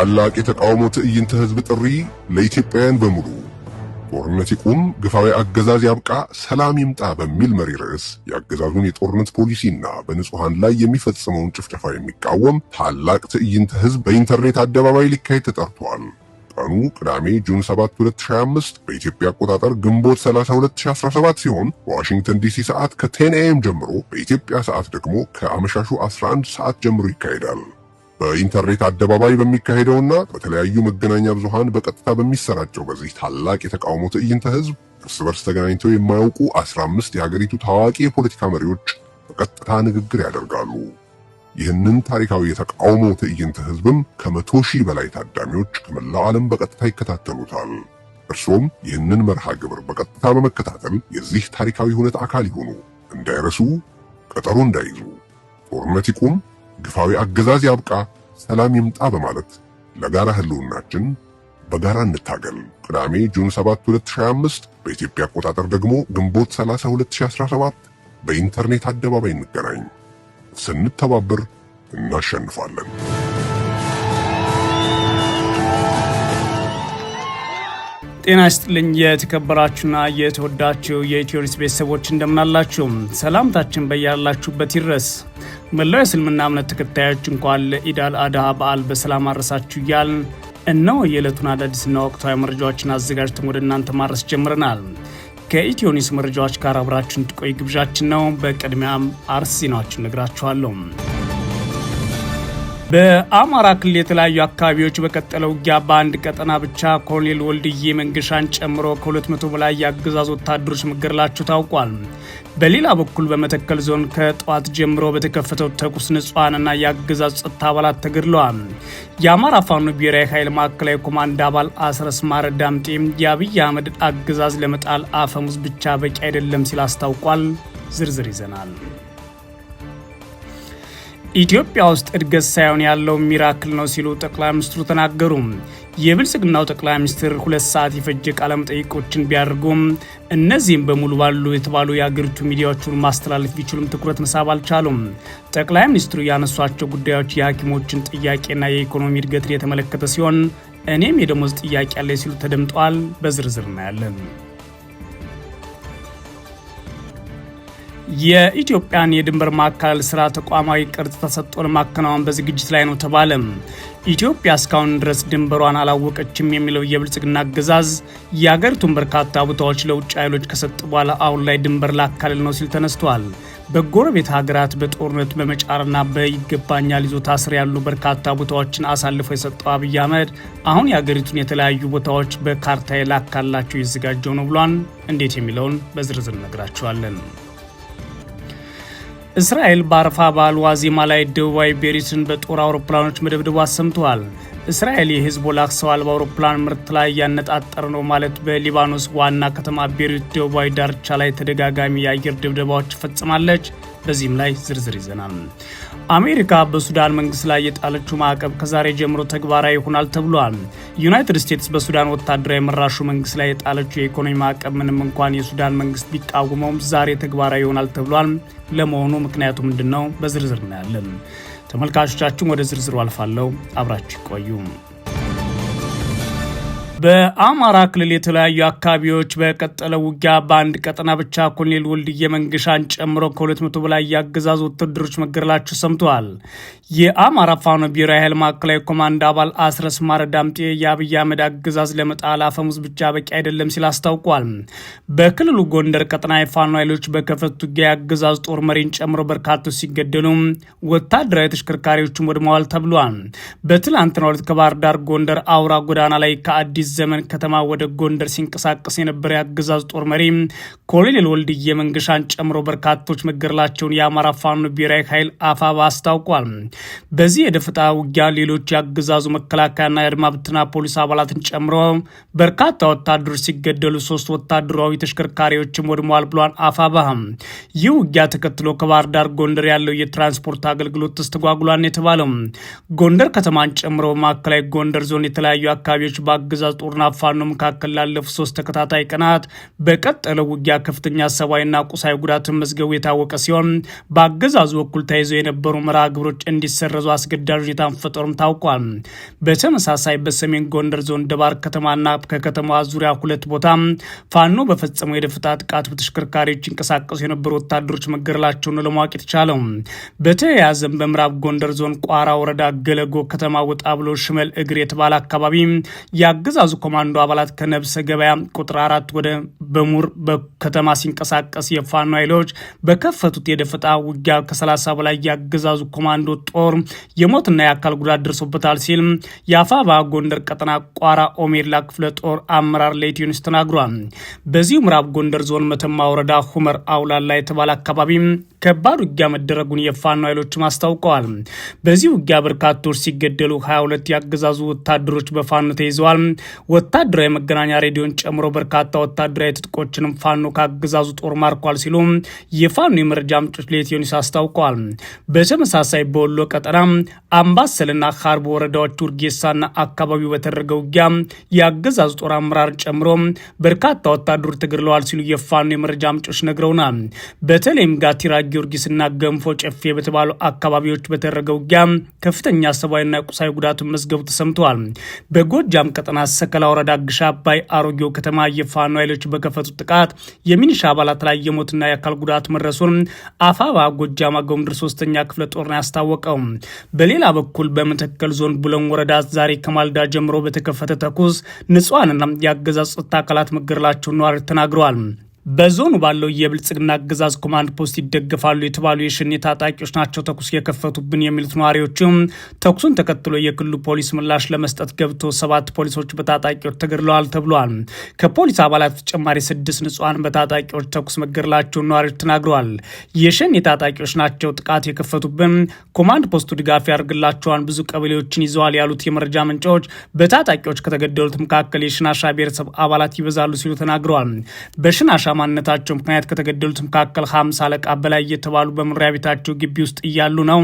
ታላቅ የተቃውሞ ትዕይንተ ህዝብ ጥሪ ለኢትዮጵያውያን በሙሉ ጦርነት ይቁም፣ ግፋዊ አገዛዝ ያብቃ፣ ሰላም ይምጣ በሚል መሪ ርዕስ የአገዛዙን የጦርነት ፖሊሲና በንጹሐን ላይ የሚፈጽመውን ጭፍጨፋ የሚቃወም ታላቅ ትዕይንተ ህዝብ በኢንተርኔት አደባባይ ሊካሄድ ተጠርቷል። ቀኑ ቅዳሜ ጁን 7 2025 በኢትዮጵያ አቆጣጠር ግንቦት 30 2017 ሲሆን በዋሽንግተን ዲሲ ሰዓት ከ10 ኤም ጀምሮ በኢትዮጵያ ሰዓት ደግሞ ከአመሻሹ 11 ሰዓት ጀምሮ ይካሄዳል። በኢንተርኔት አደባባይ በሚካሄደውና በተለያዩ መገናኛ ብዙሃን በቀጥታ በሚሰራጨው በዚህ ታላቅ የተቃውሞ ትዕይንተ ህዝብ እርስ በርስ ተገናኝተው የማያውቁ 15 የሀገሪቱ ታዋቂ የፖለቲካ መሪዎች በቀጥታ ንግግር ያደርጋሉ። ይህንን ታሪካዊ የተቃውሞ ትዕይንተ ህዝብም ከመቶ ሺህ በላይ ታዳሚዎች ከመላው ዓለም በቀጥታ ይከታተሉታል። እርሶም ይህንን መርሃ ግብር በቀጥታ በመከታተል የዚህ ታሪካዊ ሁነት አካል ይሁኑ። እንዳይረሱ፣ ቀጠሮ እንዳይዙ። ጦርነት ይቁም። ግፋዊ አገዛዝ ያብቃ፣ ሰላም ይምጣ በማለት ለጋራ ህልውናችን በጋራ እንታገል። ቅዳሜ ጁን 7 2025 በኢትዮጵያ አቆጣጠር ደግሞ ግንቦት 30 2017 በኢንተርኔት አደባባይ እንገናኝ። ስንተባበር እናሸንፋለን። ጤና ይስጥልኝ የተከበራችሁና የተወዳችሁ የኢትዮኒውስ ቤተሰቦች እንደምናላችሁ። ሰላምታችን በያላችሁበት ይድረስ። መላው የእስልምና እምነት ተከታዮች እንኳን ለኢዳል አድሃ በዓል በሰላም አረሳችሁ እያል እነሆ የዕለቱን አዳዲስና ወቅታዊ መረጃዎችን አዘጋጅተን ወደ እናንተ ማድረስ ጀምረናል። ከኢትዮኒስ መረጃዎች ጋር አብራችን ጥቆይ ግብዣችን ነው። በቅድሚያም አርዕስተ ዜናዎችን ነግራችኋለሁ። በአማራ ክልል የተለያዩ አካባቢዎች በቀጠለው ውጊያ በአንድ ቀጠና ብቻ ኮሎኔል ወልድዬ መንገሻን ጨምሮ ከ200 በላይ የአገዛዝ ወታደሮች መገደላቸው ታውቋል። በሌላ በኩል በመተከል ዞን ከጠዋት ጀምሮ በተከፈተው ተኩስ ንጹሐንና የአገዛዝ ጸጥታ አባላት ተገድለዋል። የአማራ ፋኖ ብሔራዊ ኃይል ማዕከላዊ ኮማንድ አባል አስረስ ማረ ዳምጤም የአብይ አህመድ አገዛዝ ለመጣል አፈሙዝ ብቻ በቂ አይደለም ሲል አስታውቋል። ዝርዝር ይዘናል። ኢትዮጵያ ውስጥ እድገት ሳይሆን ያለው ሚራክል ነው ሲሉ ጠቅላይ ሚኒስትሩ ተናገሩ። የብልጽግናው ጠቅላይ ሚኒስትር ሁለት ሰዓት የፈጀ ቃለ መጠይቆችን ቢያደርጉም እነዚህም በሙሉ ባሉ የተባሉ የአገሪቱ ሚዲያዎቹን ማስተላለፍ ቢችሉም ትኩረት መሳብ አልቻሉም። ጠቅላይ ሚኒስትሩ ያነሷቸው ጉዳዮች የሐኪሞችን ጥያቄና የኢኮኖሚ እድገትን የተመለከተ ሲሆን እኔም የደሞዝ ጥያቄ ያለ ሲሉ ተደምጠዋል። በዝርዝር እናያለን። የኢትዮጵያን የድንበር ማካለል ስራ ተቋማዊ ቅርጽ ተሰጥቶ ለማከናወን በዝግጅት ላይ ነው ተባለ። ኢትዮጵያ እስካሁን ድረስ ድንበሯን አላወቀችም የሚለው የብልጽግና አገዛዝ የአገሪቱን በርካታ ቦታዎች ለውጭ ኃይሎች ከሰጥ በኋላ አሁን ላይ ድንበር ላካልል ነው ሲል ተነስቷል። በጎረቤት ሀገራት በጦርነት በመጫርና በይገባኛል ይዞታ ስር ያሉ በርካታ ቦታዎችን አሳልፎ የሰጠው አብይ አህመድ አሁን የአገሪቱን የተለያዩ ቦታዎች በካርታ ላካላቸው ይዘጋጀው ነው ብሏን እንዴት የሚለውን በዝርዝር እነግራችኋለን። እስራኤል በአረፋ በዓል ዋዜማ ላይ ደቡባዊ ቤሪትን በጦር አውሮፕላኖች መደብደቡ አሰምተዋል። እስራኤል የሂዝቦላ ሰው አልባ አውሮፕላን ምርት ላይ እያነጣጠረ ነው ማለት በሊባኖስ ዋና ከተማ ቤሪት ደቡባዊ ዳርቻ ላይ ተደጋጋሚ የአየር ድብደባዎች ትፈጽማለች። በዚህም ላይ ዝርዝር ይዘናል። አሜሪካ በሱዳን መንግስት ላይ የጣለችው ማዕቀብ ከዛሬ ጀምሮ ተግባራዊ ይሆናል ተብሏል። ዩናይትድ ስቴትስ በሱዳን ወታደራዊ መራሹ መንግስት ላይ የጣለችው የኢኮኖሚ ማዕቀብ ምንም እንኳን የሱዳን መንግስት ቢቃወመውም ዛሬ ተግባራዊ ይሆናል ተብሏል። ለመሆኑ ምክንያቱ ምንድን ነው? በዝርዝር እናያለን። ተመልካቾቻችን ወደ ዝርዝሩ አልፋለሁ። አብራችሁ ቆዩ። በአማራ ክልል የተለያዩ አካባቢዎች በቀጠለው ውጊያ በአንድ ቀጠና ብቻ ኮሎኔል ወልድዬ መንገሻን ጨምሮ ከ200 በላይ የአገዛዙ ወታደሮች መገደላቸው ሰምተዋል። የአማራ ፋኖ ብሔራዊ ኃይል ማዕከላዊ ኮማንድ አባል አስረስ ማረ ዳምጤ የአብይ አህመድ አገዛዝ ለመጣል አፈሙዝ ብቻ በቂ አይደለም ሲል አስታውቋል። በክልሉ ጎንደር ቀጠና የፋኖ ኃይሎች በከፈቱት ውጊያ የአገዛዝ ጦር መሪን ጨምሮ በርካቶች ሲገደሉ ወታደራዊ ተሽከርካሪዎችም ወድመዋል ተብሏል። በትላንትናው ዕለት ከባህር ዳር ጎንደር አውራ ጎዳና ላይ ከአዲስ ዘመን ከተማ ወደ ጎንደር ሲንቀሳቀስ የነበረ የአገዛዝ ጦር መሪ ኮሎኔል ወልድዬ መንገሻን ጨምሮ በርካቶች መገደላቸውን የአማራ ፋኖ ብሔራዊ ኃይል አፋባ አስታውቋል። በዚህ የደፈጣ ውጊያ ሌሎች የአገዛዙ መከላከያና የአድማ ብተና ፖሊስ አባላትን ጨምሮ በርካታ ወታደሮች ሲገደሉ ሶስት ወታደራዊ ተሽከርካሪዎችም ወድመዋል ብሏል አፋባ። ይህ ውጊያ ተከትሎ ከባህር ዳር ጎንደር ያለው የትራንስፖርት አገልግሎት ተስተጓጉሏን የተባለው ጎንደር ከተማን ጨምሮ በማዕከላዊ ጎንደር ዞን የተለያዩ አካባቢዎች በአገዛዝ ጦርና ፋኖ መካከል ላለፉ ሶስት ተከታታይ ቀናት በቀጠለው ውጊያ ከፍተኛ ሰብአዊና ቁሳዊ ጉዳትን መዝገቡ የታወቀ ሲሆን በአገዛዙ በኩል ተይዘው የነበሩ መርሃ ግብሮች እንዲሰረዙ አስገዳጅ ሁኔታ መፈጠሩም ታውቋል። በተመሳሳይ በሰሜን ጎንደር ዞን ደባር ከተማና ከከተማ ዙሪያ ሁለት ቦታ ፋኖ በፈጸመው የደፈጣ ጥቃት በተሽከርካሪዎች ይንቀሳቀሱ የነበሩ ወታደሮች ነው ለማወቅ የተቻለው። በተያያዘም በምዕራብ ጎንደር ዞን ቋራ ወረዳ ገለጎ ከተማ ወጣ ብሎ ሽመል እግር የተባለ አካባቢ የአገዛዙ የአገዛዙ ኮማንዶ አባላት ከነብሰ ገበያ ቁጥር አራት ወደ በሙር በከተማ ሲንቀሳቀስ የፋኖ ኃይሎች በከፈቱት የደፈጣ ውጊያ ከሰላሳ በላይ የአገዛዙ ኮማንዶ ጦር የሞትና የአካል ጉዳት ደርሶበታል ሲል የአፋባ ጎንደር ቀጠና ቋራ ኦሜላ ክፍለ ጦር አመራር ለኢትዮ ተናግሯል። በዚሁ ምዕራብ ጎንደር ዞን መተማ ወረዳ ሁመር አውላላ የተባለ አካባቢ ከባድ ውጊያ መደረጉን የፋኖ ኃይሎችም አስታውቀዋል። በዚህ ውጊያ በርካቶች ሲገደሉ 22 የአገዛዙ ወታደሮች በፋኖ ተይዘዋል። ወታደራዊ መገናኛ ሬዲዮን ጨምሮ በርካታ ወታደራዊ ትጥቆችንም ፋኖ ከአገዛዙ ጦር ማርኳል ሲሉ የፋኖ የመረጃ ምንጮች ለኢትዮኒስ አስታውቀዋል። በተመሳሳይ በወሎ ቀጠና አምባሰልና ሀርብ ወረዳዎች ውርጌሳና አካባቢው በተደረገ ውጊያ የአገዛዙ ጦር አመራር ጨምሮ በርካታ ወታደሮች ተገድለዋል ሲሉ የፋኖ የመረጃ ምንጮች ነግረውናል። በተለይም ጋቲራ ጊዮርጊስና ገንፎ ጨፌ በተባሉ አካባቢዎች በተደረገ ውጊያ ከፍተኛ ሰብአዊና ቁሳዊ ጉዳት መዝገቡ ተሰምተዋል። በጎጃም ቀጠና ሰከላ ወረዳ ግሻ አባይ አሮጌው ከተማ የፋኖ ኃይሎች በከፈቱት ጥቃት የሚኒሻ አባላት ላይ የሞትና የአካል ጉዳት መድረሱን አፋባ ጎጃም አገውምድር ሶስተኛ ክፍለ ጦርን ያስታወቀው። በሌላ በኩል በመተከል ዞን ቡለን ወረዳ ዛሬ ከማልዳ ጀምሮ በተከፈተ ተኩስ ንጹሐንና የአገዛዝ ጸጥታ አካላት መገደላቸውን ነዋሪ ተናግረዋል። በዞኑ ባለው የብልጽግና አገዛዝ ኮማንድ ፖስት ይደገፋሉ የተባሉ የሸኔ ታጣቂዎች ናቸው ተኩስ የከፈቱብን የሚሉት ነዋሪዎችም ተኩሱን ተከትሎ የክልሉ ፖሊስ ምላሽ ለመስጠት ገብቶ ሰባት ፖሊሶች በታጣቂዎች ተገድለዋል ተብሏል። ከፖሊስ አባላት በተጨማሪ ስድስት ንጹሐን በታጣቂዎች ተኩስ መገደላቸውን ነዋሪዎች ተናግረዋል። የሸኔ ታጣቂዎች ናቸው ጥቃት የከፈቱብን፣ ኮማንድ ፖስቱ ድጋፍ ያደርግላቸዋል፣ ብዙ ቀበሌዎችን ይዘዋል ያሉት የመረጃ ምንጮች በታጣቂዎች ከተገደሉት መካከል የሽናሻ ብሔረሰብ አባላት ይበዛሉ ሲሉ ተናግረዋል። በሽናሻ ማንነታቸው ምክንያት ከተገደሉት መካከል ሀምሳ አለቃ በላይ እየተባሉ በመኖሪያ ቤታቸው ግቢ ውስጥ እያሉ ነው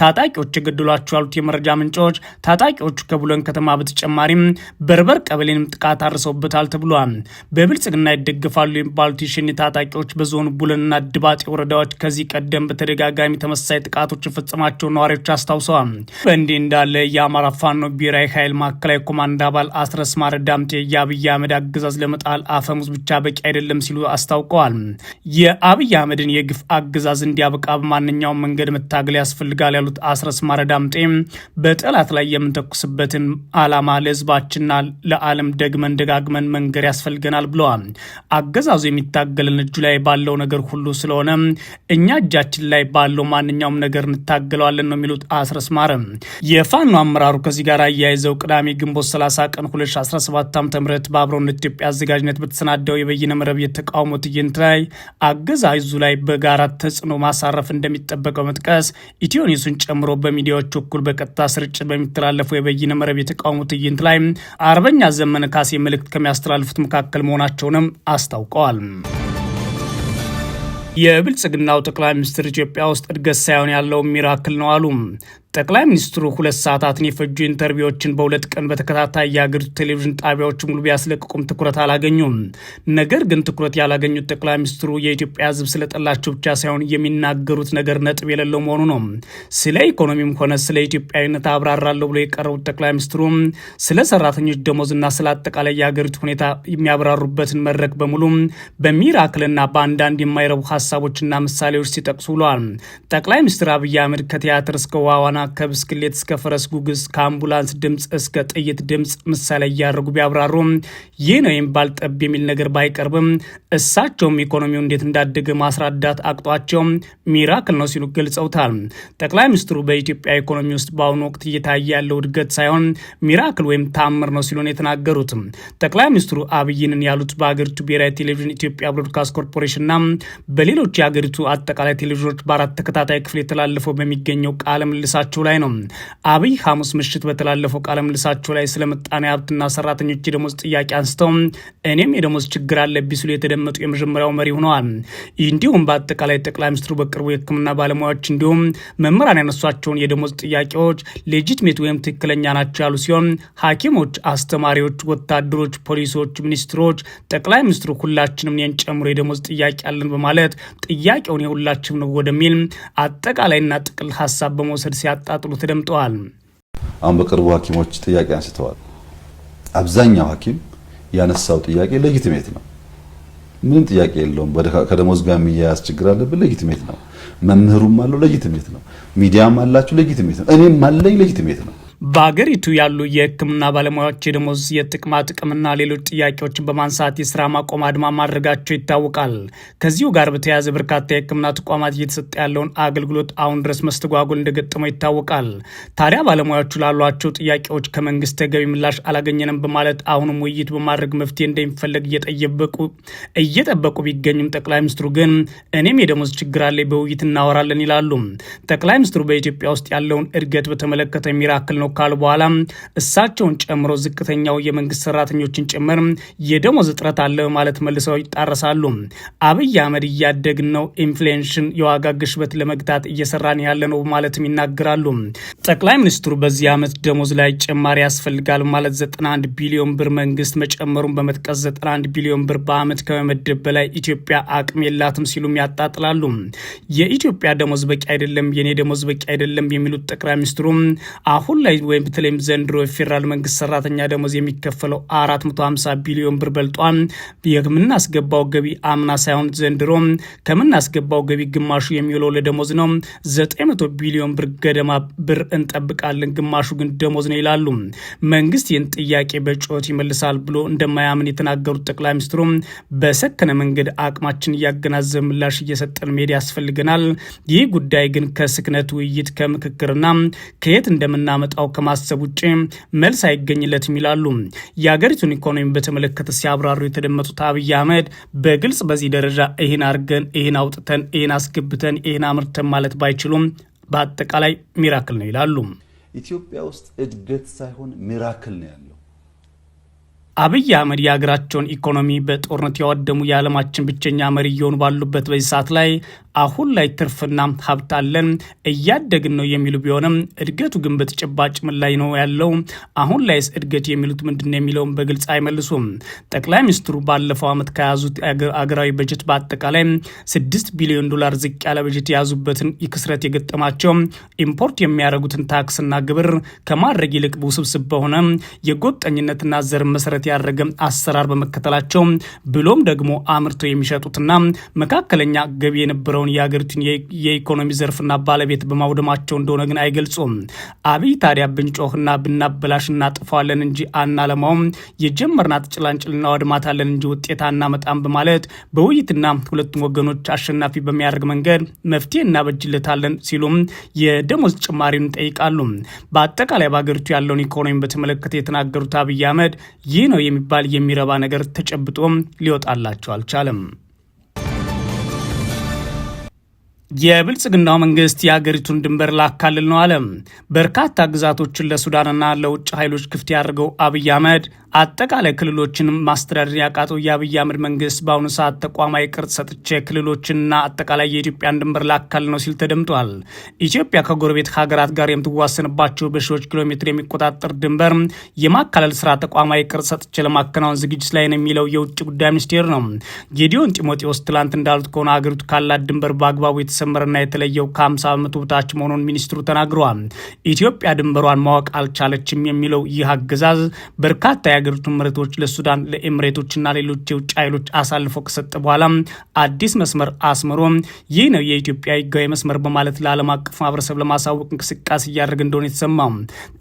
ታጣቂዎች የገደሏቸው ያሉት የመረጃ ምንጮች። ታጣቂዎቹ ከቡለን ከተማ በተጨማሪም በርበር ቀበሌንም ጥቃት አድርሰውበታል ተብሏል። በብልጽግና ይደገፋሉ የሚባሉት የሸኔ ታጣቂዎች በዞኑ ቡለንና ድባጤ ወረዳዎች ከዚህ ቀደም በተደጋጋሚ ተመሳሳይ ጥቃቶች የፈጸማቸው ነዋሪዎች አስታውሰዋል። በእንዲህ እንዳለ የአማራ ፋኖ ብሔራዊ ኃይል ማዕከላዊ ኮማንድ አባል አስረስ ማረ ዳምጤ የአብይ አህመድ አገዛዝ ለመጣል አፈሙዝ ብቻ በቂ አይደለም ሲሉ አስታውቀዋል። የአብይ አህመድን የግፍ አገዛዝ እንዲያበቃ በማንኛውም መንገድ መታገል ያስፈልጋል ያሉት አስረስ ማረ ዳምጤ በጠላት ላይ የምንተኩስበትን አላማ ለህዝባችንና ለዓለም ደግመን ደጋግመን መንገር ያስፈልገናል ብለዋል። አገዛዙ የሚታገልን እጁ ላይ ባለው ነገር ሁሉ ስለሆነ እኛ እጃችን ላይ ባለው ማንኛውም ነገር እንታገለዋለን ነው የሚሉት አስረስ ማረ። የፋኖ አመራሩ ከዚህ ጋር አያይዘው ቅዳሜ ግንቦት 30 ቀን 2017 ዓ ም በአብሮነት ኢትዮጵያ አዘጋጅነት በተሰናዳው የበይነ መረብ የተቃ ተቃውሞ ትዕይንት ላይ አገዛዙ ላይ በጋራ ተጽዕኖ ማሳረፍ እንደሚጠበቀው መጥቀስ ኢትዮኒሱን ጨምሮ በሚዲያዎች በኩል በቀጥታ ስርጭት በሚተላለፉ የበይነ መረብ የተቃውሞ ትዕይንት ላይ አርበኛ ዘመነ ካሴ መልእክት ከሚያስተላልፉት መካከል መሆናቸውንም አስታውቀዋል። የብልጽግናው ጠቅላይ ሚኒስትር ኢትዮጵያ ውስጥ እድገት ሳይሆን ያለው ሚራክል ነው አሉ። ጠቅላይ ሚኒስትሩ ሁለት ሰዓታትን የፈጁ ኢንተርቪዎችን በሁለት ቀን በተከታታይ የአገሪቱ ቴሌቪዥን ጣቢያዎች ሙሉ ቢያስለቅቁም ትኩረት አላገኙም። ነገር ግን ትኩረት ያላገኙት ጠቅላይ ሚኒስትሩ የኢትዮጵያ ሕዝብ ስለጠላቸው ብቻ ሳይሆን የሚናገሩት ነገር ነጥብ የሌለው መሆኑ ነው። ስለ ኢኮኖሚም ሆነ ስለ ኢትዮጵያዊነት አብራራለሁ ብሎ የቀረቡት ጠቅላይ ሚኒስትሩ ስለ ሰራተኞች ደሞዝና ስለ አጠቃላይ የአገሪቱ ሁኔታ የሚያብራሩበትን መድረክ በሙሉ በሚራክልና በአንዳንድ የማይረቡ ሀሳቦችና ምሳሌዎች ሲጠቅሱ ብለዋል። ጠቅላይ ሚኒስትር አብይ አህመድ ከቲያትር እስከ ዋዋና ከብስክሌት እስከ ፈረስ ጉግስ ከአምቡላንስ ድምፅ እስከ ጥይት ድምፅ ምሳሌ እያደረጉ ቢያብራሩ ይህ ነው የሚባል ጠብ የሚል ነገር ባይቀርብም እሳቸውም ኢኮኖሚው እንዴት እንዳደገ ማስረዳት አቅጧቸው ሚራክል ነው ሲሉ ገልጸውታል። ጠቅላይ ሚኒስትሩ በኢትዮጵያ ኢኮኖሚ ውስጥ በአሁኑ ወቅት እየታየ ያለው እድገት ሳይሆን ሚራክል ወይም ታምር ነው ሲሉ ነው የተናገሩት። ጠቅላይ ሚኒስትሩ አብይንን ያሉት በሀገሪቱ ብሔራዊ ቴሌቪዥን ኢትዮጵያ ብሮድካስት ኮርፖሬሽንና በሌሎች የሀገሪቱ አጠቃላይ ቴሌቪዥኖች በአራት ተከታታይ ክፍል የተላለፈው በሚገኘው ቃለ ምልሳቸው በመግለጻቸው ላይ ነው። አብይ ሐሙስ ምሽት በተላለፈው ቃለ ምልሳቸው ላይ ስለ ምጣኔ ሀብትና ሰራተኞች የደሞዝ ጥያቄ አንስተው እኔም የደሞዝ ችግር አለብኝ ሲሉ የተደመጡ የመጀመሪያው መሪ ሆነዋል። እንዲሁም በአጠቃላይ ጠቅላይ ሚኒስትሩ በቅርቡ የሕክምና ባለሙያዎች እንዲሁም መምህራን ያነሷቸውን የደሞዝ ጥያቄዎች ሌጂትሜት ወይም ትክክለኛ ናቸው ያሉ ሲሆን ሐኪሞች፣ አስተማሪዎች፣ ወታደሮች፣ ፖሊሶች፣ ሚኒስትሮች፣ ጠቅላይ ሚኒስትሩ ሁላችንም እኔን ጨምሮ የደሞዝ ጥያቄ አለን በማለት ጥያቄውን የሁላችንም ነው ወደሚል አጠቃላይና ጥቅል ሀሳብ በመውሰድ ሲያ ሲያጣጥሉ ተደምጠዋል። አሁን በቅርቡ ሐኪሞች ጥያቄ አንስተዋል። አብዛኛው ሐኪም ያነሳው ጥያቄ ሌጂቲሜት ነው። ምንም ጥያቄ የለውም። ከደሞዝ ጋር የሚያያዝ ችግር አለብን፣ ሌጂቲሜት ነው። መምህሩም አለው፣ ሌጂቲሜት ነው። ሚዲያም አላችሁ፣ ሌጂቲሜት ነው። እኔም አለኝ፣ ሌጂቲሜት ነው። በአገሪቱ ያሉ የህክምና ባለሙያዎች የደሞዝ የጥቅማ ጥቅምና ሌሎች ጥያቄዎችን በማንሳት የስራ ማቆም አድማ ማድረጋቸው ይታወቃል። ከዚሁ ጋር በተያያዘ በርካታ የህክምና ተቋማት እየተሰጠ ያለውን አገልግሎት አሁን ድረስ መስተጓጎል እንደገጠመው ይታወቃል። ታዲያ ባለሙያዎቹ ላሏቸው ጥያቄዎች ከመንግስት ተገቢ ምላሽ አላገኘንም በማለት አሁንም ውይይት በማድረግ መፍትሄ እንደሚፈለግ እየጠበቁ ቢገኙም ጠቅላይ ሚኒስትሩ ግን እኔም የደሞዝ ችግር አለ፣ በውይይት እናወራለን ይላሉ። ጠቅላይ ሚኒስትሩ በኢትዮጵያ ውስጥ ያለውን እድገት በተመለከተ ሚራክል ነው ካሉ በኋላ እሳቸውን ጨምሮ ዝቅተኛው የመንግስት ሰራተኞችን ጭምር የደሞዝ እጥረት አለ በማለት መልሰው ይጣረሳሉ። አብይ አህመድ እያደግን ነው፣ ኢንፍሌሽን የዋጋ ግሽበት ለመግታት እየሰራን ያለ ነው ማለትም ይናገራሉ። ጠቅላይ ሚኒስትሩ በዚህ ዓመት ደሞዝ ላይ ጭማሪ ያስፈልጋል ማለት 91 ቢሊዮን ብር መንግስት መጨመሩን በመጥቀስ 91 ቢሊዮን ብር በዓመት ከመመደብ በላይ ኢትዮጵያ አቅም የላትም ሲሉም ያጣጥላሉ። የኢትዮጵያ ደሞዝ በቂ አይደለም፣ የኔ ደሞዝ በቂ አይደለም የሚሉት ጠቅላይ ሚኒስትሩ አሁን ላይ ወይም በተለይም ዘንድሮ የፌዴራል መንግስት ሰራተኛ ደሞዝ የሚከፈለው 450 ቢሊዮን ብር በልጧል። የምናስገባው ገቢ አምና ሳይሆን ዘንድሮ ከምናስገባው ገቢ ግማሹ የሚውለው ለደሞዝ ነው። 900 ቢሊዮን ብር ገደማ ብር እንጠብቃለን፣ ግማሹ ግን ደሞዝ ነው ይላሉ። መንግስት ይህን ጥያቄ በጩኸት ይመልሳል ብሎ እንደማያምን የተናገሩት ጠቅላይ ሚኒስትሩ በሰከነ መንገድ አቅማችን እያገናዘብ ምላሽ እየሰጠን መሄድ ያስፈልገናል። ይህ ጉዳይ ግን ከስክነት ውይይት ከምክክርና ከየት እንደምናመጣው ከማሰብ ውጭ መልስ አይገኝለትም ይላሉ። የአገሪቱን ኢኮኖሚ በተመለከተ ሲያብራሩ የተደመጡት አብይ አህመድ በግልጽ በዚህ ደረጃ ይህን አድርገን ይህን አውጥተን ይህን አስገብተን ይህን አምርተን ማለት ባይችሉም በአጠቃላይ ሚራክል ነው ይላሉ። ኢትዮጵያ ውስጥ እድገት ሳይሆን ሚራክል ነው ያለው። አብይ አህመድ የሀገራቸውን ኢኮኖሚ በጦርነት ያወደሙ የዓለማችን ብቸኛ መሪ እየሆኑ ባሉበት በዚህ ሰዓት ላይ አሁን ላይ ትርፍና ሀብት አለን እያደግን ነው የሚሉ ቢሆንም እድገቱ ግን በተጨባጭ ምን ላይ ነው ያለው? አሁን ላይስ እድገት የሚሉት ምንድን የሚለውን በግልጽ አይመልሱም። ጠቅላይ ሚኒስትሩ ባለፈው ዓመት ከያዙት አገራዊ በጀት በአጠቃላይ ስድስት ቢሊዮን ዶላር ዝቅ ያለ በጀት የያዙበትን ክስረት የገጠማቸው ኢምፖርት የሚያደርጉትን ታክስና ግብር ከማድረግ ይልቅ ውስብስብ በሆነ የጎጠኝነትና ዘር መሰረት ያደረገ አሰራር በመከተላቸው ብሎም ደግሞ አምርተው የሚሸጡትና መካከለኛ ገቢ የነበረው የነበረውን የአገሪቱን የኢኮኖሚ ዘርፍና ባለቤት በማውደማቸው እንደሆነ ግን አይገልጹም። አብይ ታዲያ ብንጮህና ብናበላሽ እናጥፋለን እንጂ አናለማውም፣ የጀመርናት ጭላንጭል እናወድማታለን እንጂ ውጤት አናመጣም በማለት በውይይትና ሁለቱም ወገኖች አሸናፊ በሚያደርግ መንገድ መፍትሄ እናበጅለታለን ሲሉም የደሞዝ ጭማሪውን ይጠይቃሉ። በአጠቃላይ በሀገሪቱ ያለውን ኢኮኖሚ በተመለከተ የተናገሩት አብይ አህመድ ይህ ነው የሚባል የሚረባ ነገር ተጨብጦም ሊወጣላቸው አልቻለም። የብልጽግናው መንግስት የአገሪቱን ድንበር ላካልል ነው አለ። በርካታ ግዛቶችን ለሱዳንና ለውጭ ኃይሎች ክፍት ያደርገው አብይ አህመድ አጠቃላይ ክልሎችንም ማስተዳደር ያቃተው የአብይ አህመድ መንግስት በአሁኑ ሰዓት ተቋማዊ ቅርጽ ሰጥቼ ክልሎችንና አጠቃላይ የኢትዮጵያን ድንበር ላካል ነው ሲል ተደምጧል። ኢትዮጵያ ከጎረቤት ሀገራት ጋር የምትዋሰንባቸው በሺዎች ኪሎ ሜትር የሚቆጣጠር ድንበር የማካለል ስራ ተቋማዊ ቅርጽ ሰጥቼ ለማከናወን ዝግጅት ላይ ነው የሚለው የውጭ ጉዳይ ሚኒስቴር ነው። ጌዲዮን ጢሞቴዎስ ትላንት እንዳሉት ከሆነ ሀገሪቱ ካላት ድንበር በአግባቡ የሚሰመርና የተለየው ከ50 በመቶ በታች መሆኑን ሚኒስትሩ ተናግረዋል። ኢትዮጵያ ድንበሯን ማወቅ አልቻለችም የሚለው ይህ አገዛዝ በርካታ የሀገሪቱን መሬቶች ለሱዳን፣ ለኤምሬቶችና ሌሎች የውጭ ኃይሎች አሳልፎ ከሰጠ በኋላ አዲስ መስመር አስምሮ ይህ ነው የኢትዮጵያ ህጋዊ መስመር በማለት ለዓለም አቀፍ ማህበረሰብ ለማሳወቅ እንቅስቃሴ እያደረገ እንደሆነ የተሰማው።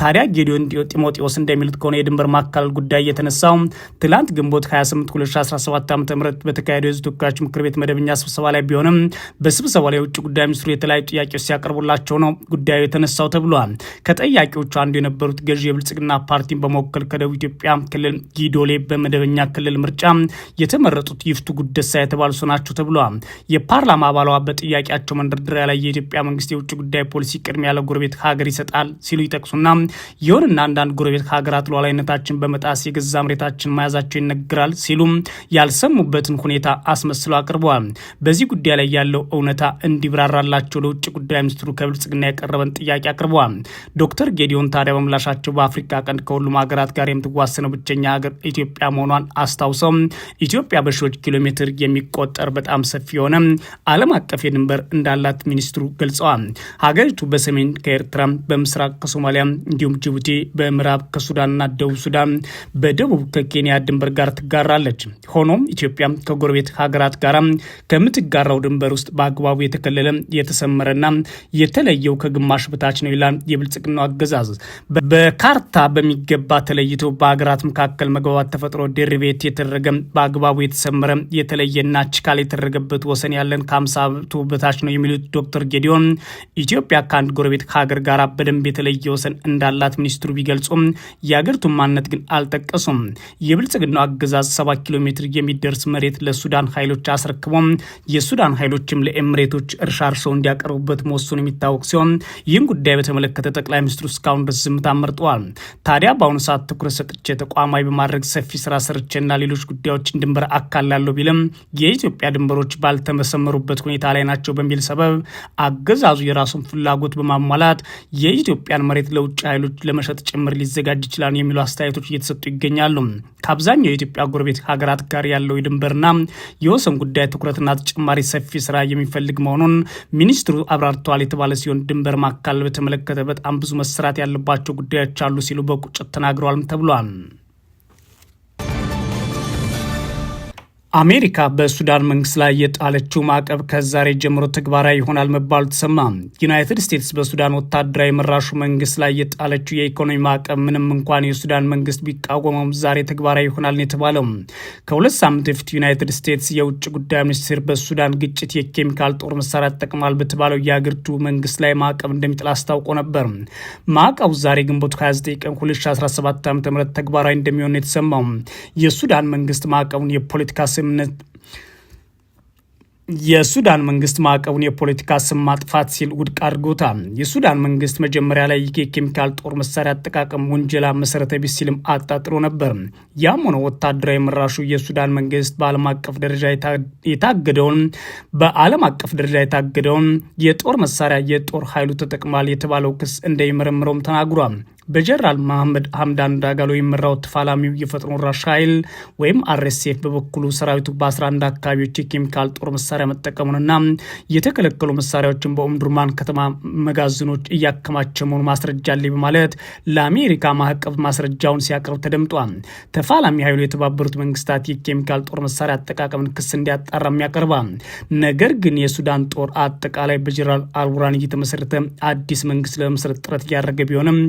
ታዲያ ጌዲዮን ጢሞቴዎስ እንደሚሉት ከሆነ የድንበር ማካለል ጉዳይ የተነሳው ትላንት ግንቦት 28 2017 ዓ ም በተካሄደው የህዝብ ተወካዮች ምክር ቤት መደበኛ ስብሰባ ላይ ቢሆንም በስብሰባ ላይ የውጭ ጉዳይ ሚኒስትሩ የተለያዩ ጥያቄዎች ሲያቀርቡላቸው ነው ጉዳዩ የተነሳው ተብሏል። ከጠያቂዎቹ አንዱ የነበሩት ገዢ የብልጽግና ፓርቲን በመወከል ከደቡብ ኢትዮጵያ ክልል ጊዶሌ በመደበኛ ክልል ምርጫ የተመረጡት ይፍቱ ጉደሳ የተባሉ ሰው ናቸው ተብሏል። የፓርላማ አባሏ በጥያቄያቸው መንደርደሪያ ላይ የኢትዮጵያ መንግስት የውጭ ጉዳይ ፖሊሲ ቅድሚያ ለጎረቤት ሀገር ይሰጣል ሲሉ ይጠቅሱና ይሁንና አንዳንድ ጎረቤት ሀገራት ሉዓላዊነታችን በመጣስ የገዛ መሬታችን መያዛቸው ይነገራል ሲሉም ያልሰሙበትን ሁኔታ አስመስለው አቅርበዋል። በዚህ ጉዳይ ላይ ያለው እውነታ እን እንዲብራራላቸው ለውጭ ጉዳይ ሚኒስትሩ ከብልጽግና የቀረበን ጥያቄ አቅርበዋል። ዶክተር ጌዲዮን ታዲያ በምላሻቸው በአፍሪካ ቀንድ ከሁሉም ሀገራት ጋር የምትዋሰነው ብቸኛ ሀገር ኢትዮጵያ መሆኗን አስታውሰው ኢትዮጵያ በሺዎች ኪሎ ሜትር የሚቆጠር በጣም ሰፊ የሆነ ዓለም አቀፍ የድንበር እንዳላት ሚኒስትሩ ገልጸዋል። ሀገሪቱ በሰሜን ከኤርትራ፣ በምስራቅ ከሶማሊያ እንዲሁም ጅቡቲ፣ በምዕራብ ከሱዳንና ደቡብ ሱዳን፣ በደቡብ ከኬንያ ድንበር ጋር ትጋራለች። ሆኖም ኢትዮጵያ ከጎረቤት ሀገራት ጋር ከምትጋራው ድንበር ውስጥ በአግባቡ የተከ ክልልም የተሰመረና የተለየው ከግማሽ በታች ነው ይላል የብልጽግናው አገዛዝ። በካርታ በሚገባ ተለይቶ በሀገራት መካከል መግባባት ተፈጥሮ ድርቤት የተደረገ በአግባቡ የተሰመረ የተለየና ችካል የተደረገበት ወሰን ያለን ከአምሳቱ በታች ነው የሚሉት ዶክተር ጌዲዮን ኢትዮጵያ ከአንድ ጎረቤት ከሀገር ጋር በደንብ የተለየ ወሰን እንዳላት ሚኒስትሩ ቢገልጹም የአገሪቱን ማንነት ግን አልጠቀሱም። የብልጽግናው አገዛዝ ሰባ ኪሎ ሜትር የሚደርስ መሬት ለሱዳን ኃይሎች አስረክቦም የሱዳን ኃይሎችም ለኤምሬቶች ነጋዴዎች እርሻ እርሰው እንዲያቀርቡበት መወሱን የሚታወቅ ሲሆን ይህን ጉዳይ በተመለከተ ጠቅላይ ሚኒስትሩ እስካሁን ድረስ ዝምታ መርጠዋል። ታዲያ በአሁኑ ሰዓት ትኩረት ሰጥቼ ተቋማዊ በማድረግ ሰፊ ስራ ሰርቼና ሌሎች ጉዳዮችን ድንበር አካላለሁ ቢልም የኢትዮጵያ ድንበሮች ባልተመሰመሩበት ሁኔታ ላይ ናቸው በሚል ሰበብ አገዛዙ የራሱን ፍላጎት በማሟላት የኢትዮጵያን መሬት ለውጭ ኃይሎች ለመሸጥ ጭምር ሊዘጋጅ ይችላል የሚሉ አስተያየቶች እየተሰጡ ይገኛሉ። ከአብዛኛው የኢትዮጵያ ጎረቤት ሀገራት ጋር ያለው የድንበርና የወሰን ጉዳይ ትኩረትና ተጨማሪ ሰፊ ስራ የሚፈልግ መሆኑ መሆኑን ሚኒስትሩ አብራርተዋል የተባለ ሲሆን ድንበር ማካለል በተመለከተ በጣም ብዙ መሰራት ያለባቸው ጉዳዮች አሉ ሲሉ በቁጭት ተናግረዋልም ተብሏል። አሜሪካ በሱዳን መንግስት ላይ የጣለችው ማዕቀብ ከዛሬ ጀምሮ ተግባራዊ ይሆናል መባሉ ተሰማ። ዩናይትድ ስቴትስ በሱዳን ወታደራዊ መራሹ መንግስት ላይ የጣለችው የኢኮኖሚ ማዕቀብ ምንም እንኳን የሱዳን መንግስት ቢቃወመውም ዛሬ ተግባራዊ ይሆናል ነው የተባለው። ከሁለት ሳምንት በፊት ዩናይትድ ስቴትስ የውጭ ጉዳይ ሚኒስትር በሱዳን ግጭት የኬሚካል ጦር መሳሪያ ተጠቅሟል በተባለው የአገሪቱ መንግስት ላይ ማዕቀብ እንደሚጥል አስታውቆ ነበር። ማዕቀቡ ዛሬ ግንቦት 29 ቀን 2017 ዓ ም ተግባራዊ እንደሚሆን ነው የተሰማው። የሱዳን መንግስት ማዕቀቡን የፖለቲካ ስምምነት የሱዳን መንግስት ማዕቀቡን የፖለቲካ ስም ማጥፋት ሲል ውድቅ አድርጎታል። የሱዳን መንግስት መጀመሪያ ላይ የኬሚካል ጦር መሳሪያ አጠቃቀም ውንጀላ መሰረተ ቢስ ሲልም አጣጥሮ ነበር። ያም ሆነ ወታደራዊ መራሹ የሱዳን መንግስት በዓለም አቀፍ ደረጃ የታገደውን በዓለም አቀፍ ደረጃ የታገደውን የጦር መሳሪያ የጦር ኃይሉ ተጠቅሟል የተባለው ክስ እንደሚመረምረውም ተናግሯል። በጀነራል መሐመድ ሀምዳን ዳጋሎ የሚመራው ተፋላሚው የፈጥኖ ራሽ ኃይል ወይም አርኤስኤፍ በበኩሉ ሰራዊቱ በ11 አካባቢዎች የኬሚካል ጦር መሳሪያ መጠቀሙንና የተከለከሉ መሳሪያዎችን በኦምዱርማን ከተማ መጋዘኖች እያከማቸ መሆኑ ማስረጃ አለኝ በማለት ለአሜሪካ ማዕቀብ ማስረጃውን ሲያቀርብ ተደምጧል። ተፋላሚ ኃይሉ የተባበሩት መንግስታት የኬሚካል ጦር መሳሪያ አጠቃቀምን ክስ እንዲያጣራም ያቀርባል። ነገር ግን የሱዳን ጦር አጠቃላይ በጀነራል አልቡራን እየተመሰረተ አዲስ መንግስት ለመመስረት ጥረት እያደረገ ቢሆንም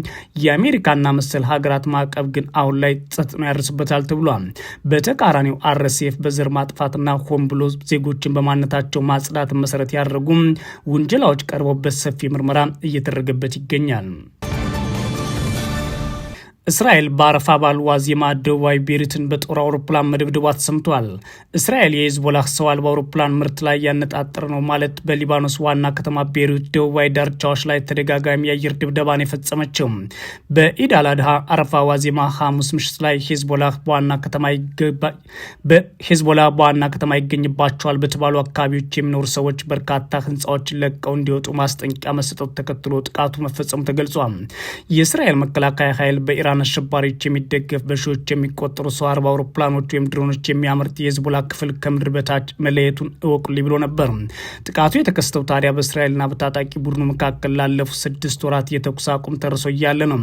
የአሜሪካና መሰል ሀገራት ማዕቀብ ግን አሁን ላይ ጸጥኖ ያደርስበታል ተብሏል። በተቃራኒው አርሴፍ በዘር ማጥፋትና ሆን ብሎ ዜጎችን በማንነታቸው ማጽዳት መሰረት ያደረጉ ውንጀላዎች ቀርበው በሰፊ ምርመራ እየተደረገበት ይገኛል። እስራኤል በአረፋ ዋዜማ ደቡባዊ ቤሪትን በጦር አውሮፕላን መደብደቧ ተሰምቷል። እስራኤል የሂዝቦላህ ሰው አልባ አውሮፕላን ምርት ላይ ያነጣጠረ ነው ማለት በሊባኖስ ዋና ከተማ ቤሪት ደቡባዊ ዳርቻዎች ላይ ተደጋጋሚ የአየር ድብደባን የፈጸመችው በኢድ አድሃ አረፋ ዋዜማ ሐሙስ ምሽት ላይ ሂዝቦላ በዋና ከተማ ይገኝባቸዋል በተባሉ አካባቢዎች የሚኖሩ ሰዎች በርካታ ህንፃዎችን ለቀው እንዲወጡ ማስጠንቂያ መሰጠቱ ተከትሎ ጥቃቱ መፈጸሙ ተገልጿል። የእስራኤል መከላከያ ኃይል በኢራ የኤርትራን አሸባሪዎች የሚደገፍ በሺዎች የሚቆጠሩ ሰው አርባ አውሮፕላኖች ወይም ድሮኖች የሚያመርት የህዝቡላ ክፍል ከምድር በታች መለየቱን እወቁልኝ ብሎ ነበር። ጥቃቱ የተከሰተው ታዲያ በእስራኤልና በታጣቂ ቡድኑ መካከል ላለፉት ስድስት ወራት የተኩስ አቁም ተርሶ እያለ ነው።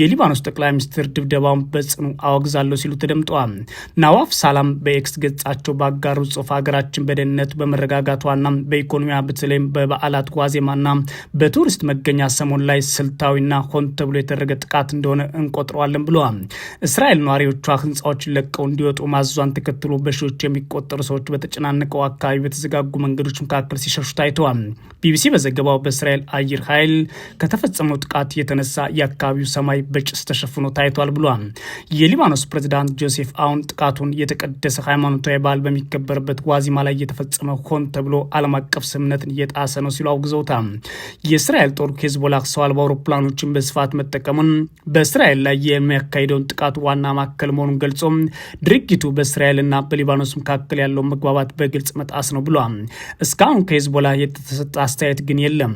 የሊባኖስ ጠቅላይ ሚኒስትር ድብደባውን በጽኑ አወግዛለሁ ሲሉ ተደምጠዋል። ናዋፍ ሳላም በኤክስ ገጻቸው ባጋሩ ጽሑፍ ሀገራችን በደህንነት በመረጋጋቷና በኢኮኖሚያ በተለይም በበዓላት ዋዜማና በቱሪስት መገኛ ሰሞን ላይ ስልታዊና ሆን ተብሎ የተደረገ ጥቃት እንደሆነ እንኳ ቆጥረዋለን ብለዋል። እስራኤል ነዋሪዎቿ ህንፃዎችን ለቀው እንዲወጡ ማዟን ተከትሎ በሺዎች የሚቆጠሩ ሰዎች በተጨናነቀው አካባቢ በተዘጋጉ መንገዶች መካከል ሲሸሹ ታይተዋል። ቢቢሲ በዘገባው በእስራኤል አየር ኃይል ከተፈጸመው ጥቃት የተነሳ የአካባቢው ሰማይ በጭስ ተሸፍኖ ታይቷል ብሏል። የሊባኖስ ፕሬዚዳንት ጆሴፍ አውን ጥቃቱን የተቀደሰ ሃይማኖታዊ በዓል በሚከበርበት ዋዚማ ላይ የተፈጸመ ሆን ተብሎ ዓለም አቀፍ ስምምነትን እየጣሰ ነው ሲሉ አውግዘውታል። የእስራኤል ጦር ሄዝቦላ ሰው አልባ አውሮፕላኖችን በስፋት መጠቀሙን በእስራኤል ላይ የሚያካሂደውን ጥቃት ዋና ማዕከል መሆኑን ገልጾ ድርጊቱ በእስራኤልና በሊባኖስ መካከል ያለው መግባባት በግልጽ መጣስ ነው ብሏል። እስካሁን ከሄዝቦላ የተሰጠ አስተያየት ግን የለም።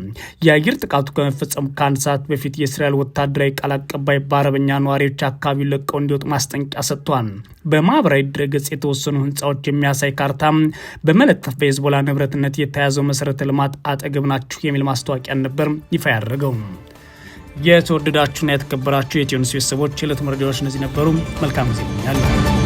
የአየር ጥቃቱ ከመፈጸሙ ከአንድ ሰዓት በፊት የእስራኤል ወታደራዊ ቃል አቀባይ በአረበኛ ነዋሪዎች አካባቢውን ለቀው እንዲወጡ ማስጠንቀቂያ ሰጥቷል። በማህበራዊ ድረገጽ የተወሰኑ ህንፃዎች የሚያሳይ ካርታ በመለጠፍ በሄዝቦላ ንብረትነት የተያዘው መሰረተ ልማት አጠገብ ናችሁ የሚል ማስታወቂያ ነበር ይፋ ያደረገው። የተወደዳችሁና የተከበራችሁ የኢትዮ ኒውስ ቤተሰቦች የዕለቱ መረጃዎች እነዚህ ነበሩ። መልካም ጊዜ ያለ